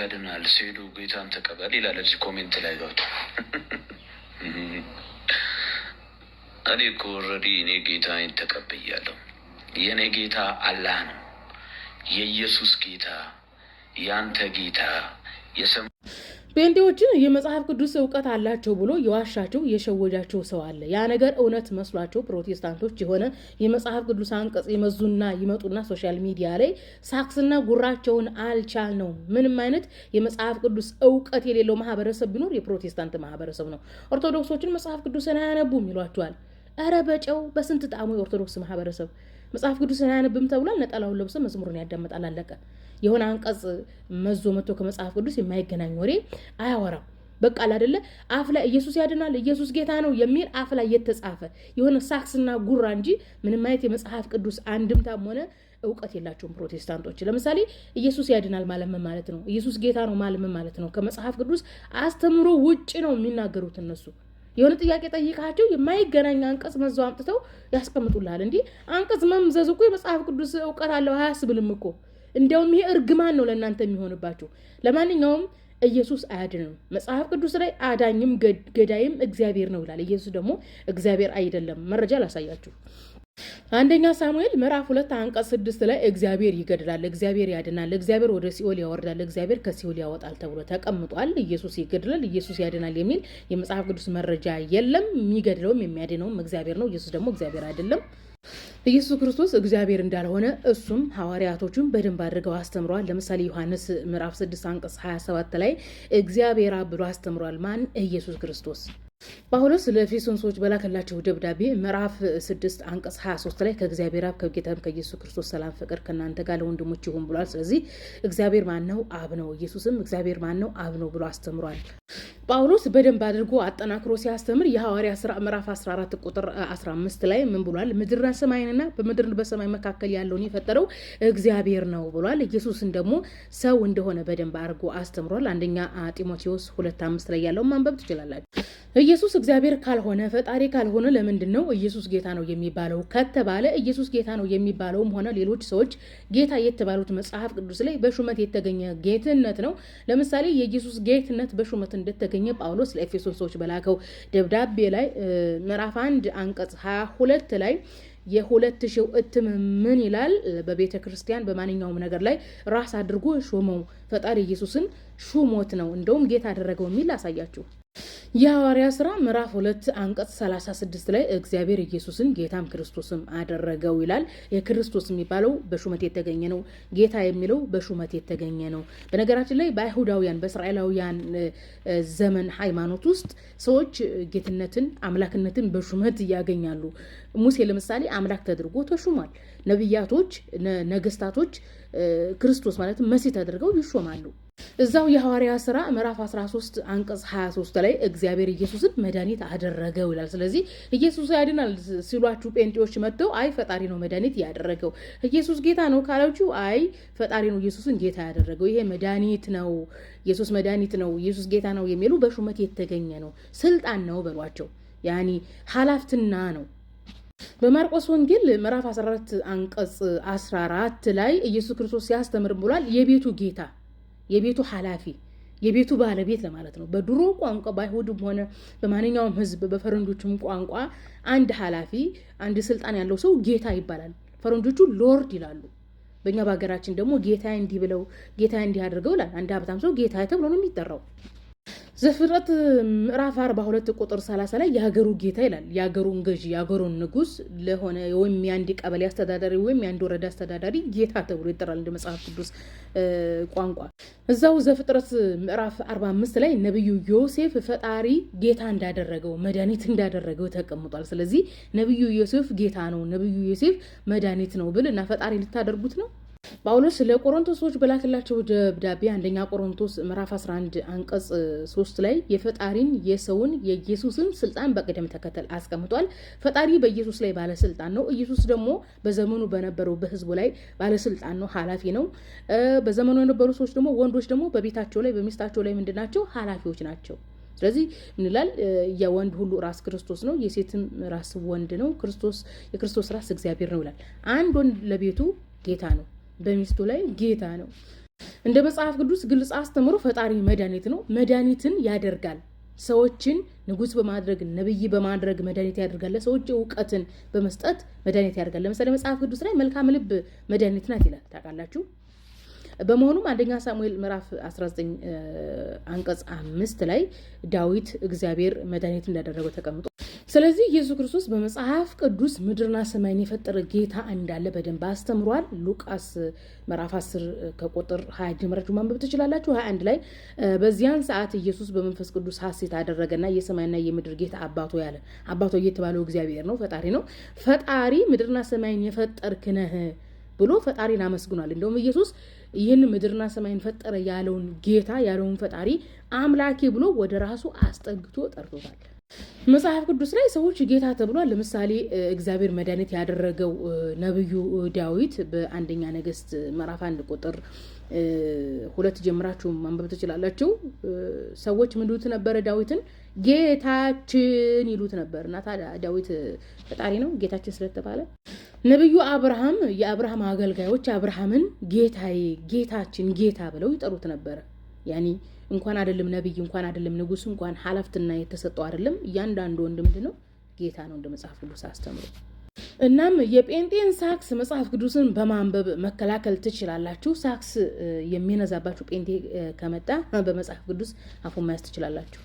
ያድናል፣ ስሄዱ ጌታን ተቀበል ይላል። እዚህ ኮሜንት ላይ ገብቶ እኔ እኮ ኦልሬዲ እኔ ጌታዬን ተቀብያለሁ። የእኔ ጌታ አላህ ነው። የኢየሱስ ጌታ፣ የአንተ ጌታ ጴንጤዎችን የመጽሐፍ ቅዱስ እውቀት አላቸው ብሎ የዋሻቸው የሸወጃቸው ሰው አለ። ያ ነገር እውነት መስሏቸው ፕሮቴስታንቶች የሆነ የመጽሐፍ ቅዱስ አንቀጽ ይመዙና ይመጡና ሶሻል ሚዲያ ላይ ሳክስና ጉራቸውን አልቻል ነው። ምንም አይነት የመጽሐፍ ቅዱስ እውቀት የሌለው ማህበረሰብ ቢኖር የፕሮቴስታንት ማህበረሰብ ነው። ኦርቶዶክሶችን መጽሐፍ ቅዱስን አያነቡም ይሏቸዋል። እረ በጨው በስንት ጣሙ የኦርቶዶክስ ማህበረሰብ መጽሐፍ ቅዱስን አያነብም ተብሏል። ነጠላውን ለብሶ መዝሙሩን ያዳምጣል። አለቀ። የሆነ አንቀጽ መዞ መጥቶ ከመጽሐፍ ቅዱስ የማይገናኝ ወሬ አያወራም። በቃ አይደለ አፍ ላይ ኢየሱስ ያድናል፣ ኢየሱስ ጌታ ነው የሚል አፍ ላይ የተጻፈ የሆነ ሳክስና ጉራ እንጂ ምንም አይነት የመጽሐፍ ቅዱስ አንድምታም ሆነ እውቀት የላቸውም ፕሮቴስታንቶች። ለምሳሌ ኢየሱስ ያድናል ማለት ምን ማለት ነው? ኢየሱስ ጌታ ነው ማለም ምን ማለት ነው? ከመጽሐፍ ቅዱስ አስተምሮ ውጭ ነው የሚናገሩት እነሱ። የሆነ ጥያቄ ጠይቃቸው የማይገናኝ አንቀጽ መዘው አምጥተው ያስቀምጡላል። እንዲህ አንቀጽ መምዘዝ እኮ የመጽሐፍ ቅዱስ እውቀት አለው አያስብልም እኮ እንዲያውም ይሄ እርግማን ነው ለእናንተ የሚሆንባቸው ለማንኛውም ኢየሱስ አያድንም። መጽሐፍ ቅዱስ ላይ አዳኝም ገዳይም እግዚአብሔር ነው ይላል። ኢየሱስ ደግሞ እግዚአብሔር አይደለም። መረጃ ላሳያችሁ። አንደኛ ሳሙኤል ምዕራፍ ሁለት አንቀጽ ስድስት ላይ እግዚአብሔር ይገድላል፣ እግዚአብሔር ያድናል፣ እግዚአብሔር ወደ ሲኦል ያወርዳል፣ እግዚአብሔር ከሲኦል ያወጣል ተብሎ ተቀምጧል። ኢየሱስ ይገድላል፣ ኢየሱስ ያድናል የሚል የመጽሐፍ ቅዱስ መረጃ የለም። የሚገድለውም የሚያድነውም እግዚአብሔር ነው። ኢየሱስ ደግሞ እግዚአብሔር አይደለም። ኢየሱስ ክርስቶስ እግዚአብሔር እንዳልሆነ እሱም ሐዋርያቶቹም በደንብ አድርገው አስተምረዋል። ለምሳሌ ዮሐንስ ምዕራፍ 6 አንቀጽ 27 ላይ እግዚአብሔር አብሎ ብሎ አስተምሯል። ማን? ኢየሱስ ክርስቶስ ጳውሎስ ለኤፌሶን በላከላቸው ደብዳቤ ምዕራፍ 6 አንቀጽ 23 ላይ ከእግዚአብሔር አብ ከጌታም ከኢየሱስ ክርስቶስ ሰላም፣ ፍቅር ከእናንተ ጋር ለወንድሞች ይሁን ብሏል። ስለዚህ እግዚአብሔር ማን ነው? አብ ነው። ኢየሱስም እግዚአብሔር ማን ነው? አብ ነው ብሎ አስተምሯል። ጳውሎስ በደንብ አድርጎ አጠናክሮ ሲያስተምር የሐዋርያ ስራ ምዕራፍ 14 ቁጥር 15 ላይ ምን ብሏል? ምድርና ሰማይንና በምድር በሰማይ መካከል ያለውን የፈጠረው እግዚአብሔር ነው ብሏል። ኢየሱስን ደግሞ ሰው እንደሆነ በደንብ አድርጎ አስተምሯል። አንደኛ ጢሞቴዎስ 2 5 ላይ ያለውን ማንበብ ትችላላችሁ። ኢየሱስ እግዚአብሔር ካልሆነ ፈጣሪ ካልሆነ ለምንድን ነው ኢየሱስ ጌታ ነው የሚባለው ከተባለ ኢየሱስ ጌታ ነው የሚባለውም ሆነ ሌሎች ሰዎች ጌታ የተባሉት መጽሐፍ ቅዱስ ላይ በሹመት የተገኘ ጌትነት ነው። ለምሳሌ የኢየሱስ ጌትነት በሹመት እንደተገኘ እንደሚገኝ ጳውሎስ ለኤፌሶን ሰዎች በላከው ደብዳቤ ላይ ምዕራፍ አንድ አንቀጽ ሁለት ላይ የሁለት ሺው እትም ምን ይላል? በቤተ ክርስቲያን በማንኛውም ነገር ላይ ራስ አድርጎ ሾመው። ፈጣሪ ኢየሱስን ሹሞት ነው እንደውም ጌታ አደረገው የሚል አሳያችሁ። የሐዋርያ ሥራ ምዕራፍ ሁለት አንቀጽ 36 ላይ እግዚአብሔር ኢየሱስን ጌታም ክርስቶስም አደረገው ይላል። የክርስቶስ የሚባለው በሹመት የተገኘ ነው። ጌታ የሚለው በሹመት የተገኘ ነው። በነገራችን ላይ በአይሁዳውያን በእስራኤላውያን ዘመን ሃይማኖት ውስጥ ሰዎች ጌትነትን፣ አምላክነትን በሹመት ያገኛሉ። ሙሴ ለምሳሌ አምላክ ተደርጎ ተሹሟል። ነቢያቶች፣ ነገስታቶች ክርስቶስ ማለትም መሲህ ተደርገው ይሾማሉ። እዛው የሐዋርያ ስራ ምዕራፍ 13 አንቀጽ 23 ላይ እግዚአብሔር ኢየሱስን መድኃኒት አደረገው ይላል። ስለዚህ ኢየሱስ ያድናል ሲሏችሁ ጴንጤዎች መጥተው አይ ፈጣሪ ነው መድኃኒት ያደረገው፣ ኢየሱስ ጌታ ነው ካላችሁ አይ ፈጣሪ ነው ኢየሱስን ጌታ ያደረገው፣ ይሄ መድኃኒት ነው፣ ኢየሱስ መድኃኒት ነው፣ ኢየሱስ ጌታ ነው የሚሉ በሹመት የተገኘ ነው፣ ስልጣን ነው በሏቸው። ያኒ ሀላፍትና ነው። በማርቆስ ወንጌል ምዕራፍ 14 አንቀጽ 14 ላይ ኢየሱስ ክርስቶስ ሲያስተምር ብሏል የቤቱ ጌታ የቤቱ ኃላፊ የቤቱ ባለቤት ለማለት ነው። በድሮ ቋንቋ በአይሁድም ሆነ በማንኛውም ህዝብ በፈረንጆችም ቋንቋ አንድ ኃላፊ አንድ ስልጣን ያለው ሰው ጌታ ይባላል። ፈረንጆቹ ሎርድ ይላሉ። በእኛ በሀገራችን ደግሞ ጌታ እንዲህ ብለው ጌታ እንዲህ አድርገው ይላል። አንድ ሀብታም ሰው ጌታ ተብሎ ነው የሚጠራው። ዘፍጥረት ምዕራፍ 42 ቁጥር 30 ላይ የሀገሩ ጌታ ይላል የሀገሩን ገዢ የሀገሩን ንጉስ ለሆነ ወይም የአንድ ቀበሌ አስተዳዳሪ ወይም የአንድ ወረዳ አስተዳዳሪ ጌታ ተብሎ ይጠራል እንደ መጽሐፍ ቅዱስ ቋንቋ። እዛው ዘፍጥረት ምዕራፍ 45 ላይ ነቢዩ ዮሴፍ ፈጣሪ ጌታ እንዳደረገው መድኃኒት እንዳደረገው ተቀምጧል። ስለዚህ ነቢዩ ዮሴፍ ጌታ ነው፣ ነቢዩ ዮሴፍ መድኃኒት ነው ብል እና ፈጣሪ ልታደርጉት ነው ጳውሎስ ለቆሮንቶሶች በላክላቸው ደብዳቤ አንደኛ ቆሮንቶስ ምዕራፍ 11 አንቀጽ 3 ላይ የፈጣሪን የሰውን የኢየሱስን ስልጣን በቅደም ተከተል አስቀምጧል። ፈጣሪ በኢየሱስ ላይ ባለስልጣን ነው። ኢየሱስ ደግሞ በዘመኑ በነበረው በህዝቡ ላይ ባለስልጣን ነው፣ ኃላፊ ነው። በዘመኑ የነበሩ ሰዎች ደግሞ ወንዶች ደግሞ በቤታቸው ላይ በሚስታቸው ላይ ምንድን ናቸው? ኃላፊዎች ናቸው። ስለዚህ ምን ይላል? የወንድ ሁሉ ራስ ክርስቶስ ነው፣ የሴትም ራስ ወንድ ነው። ክርስቶስ የክርስቶስ ራስ እግዚአብሔር ነው ይላል። አንድ ወንድ ለቤቱ ጌታ ነው። በሚስቱ ላይ ጌታ ነው። እንደ መጽሐፍ ቅዱስ ግልጽ አስተምሮ ፈጣሪ መድኃኒት ነው። መድኃኒትን ያደርጋል። ሰዎችን ንጉስ በማድረግ ነብይ በማድረግ መድኃኒት ያደርጋል። ለሰዎች እውቀትን በመስጠት መድኃኒት ያደርጋል። ለምሳሌ መጽሐፍ ቅዱስ ላይ መልካም ልብ መድኃኒት ናት ይላል። ታውቃላችሁ። በመሆኑም አንደኛ ሳሙኤል ምዕራፍ 19 አንቀጽ አምስት ላይ ዳዊት እግዚአብሔር መድኃኒት እንዳደረገው ተቀምጦ ስለዚህ ኢየሱስ ክርስቶስ በመጽሐፍ ቅዱስ ምድርና ሰማይን የፈጠረ ጌታ እንዳለ በደንብ አስተምሯል። ሉቃስ ምዕራፍ 10 ከቁጥር 20 ጀምራችሁ ማንበብ ትችላላችሁ። 21 ላይ በዚያን ሰዓት ኢየሱስ በመንፈስ ቅዱስ ሐሴት አደረገና የሰማይና የምድር ጌታ አባቶ ያለ አባቶ እየተባለው እግዚአብሔር ነው፣ ፈጣሪ ነው። ፈጣሪ ምድርና ሰማይን የፈጠርክ ነህ ብሎ ፈጣሪን አመስግኗል። እንደውም ኢየሱስ ይህን ምድርና ሰማይን ፈጠረ ያለውን ጌታ ያለውን ፈጣሪ አምላኬ ብሎ ወደ ራሱ አስጠግቶ ጠርቶታል። መጽሐፍ ቅዱስ ላይ ሰዎች ጌታ ተብሏል። ለምሳሌ እግዚአብሔር መድኃኒት ያደረገው ነብዩ ዳዊት በአንደኛ ነገስት ምዕራፍ አንድ ቁጥር ሁለት ጀምራችሁ ማንበብ ትችላላችሁ። ሰዎች ምን ይሉት ነበረ? ዳዊትን ጌታችን ይሉት ነበር። እና ታዲያ ዳዊት ፈጣሪ ነው ጌታችን ስለተባለ ነቢዩ አብርሃም የአብርሃም አገልጋዮች አብርሃምን ጌታዬ፣ ጌታችን፣ ጌታ ብለው ይጠሩት ነበረ ያኒ እንኳን አይደለም ነቢይ እንኳን አይደለም ንጉስ እንኳን ሀላፍትና የተሰጠው አይደለም እያንዳንዱ ወንድ ምንድን ነው ጌታ ነው እንደ መጽሐፍ ቅዱስ አስተምሮ እናም የጴንጤን ሳክስ መጽሐፍ ቅዱስን በማንበብ መከላከል ትችላላችሁ ሳክስ የሚነዛባችሁ ጴንጤ ከመጣ በመጽሐፍ ቅዱስ አፉን መያዝ ትችላላችሁ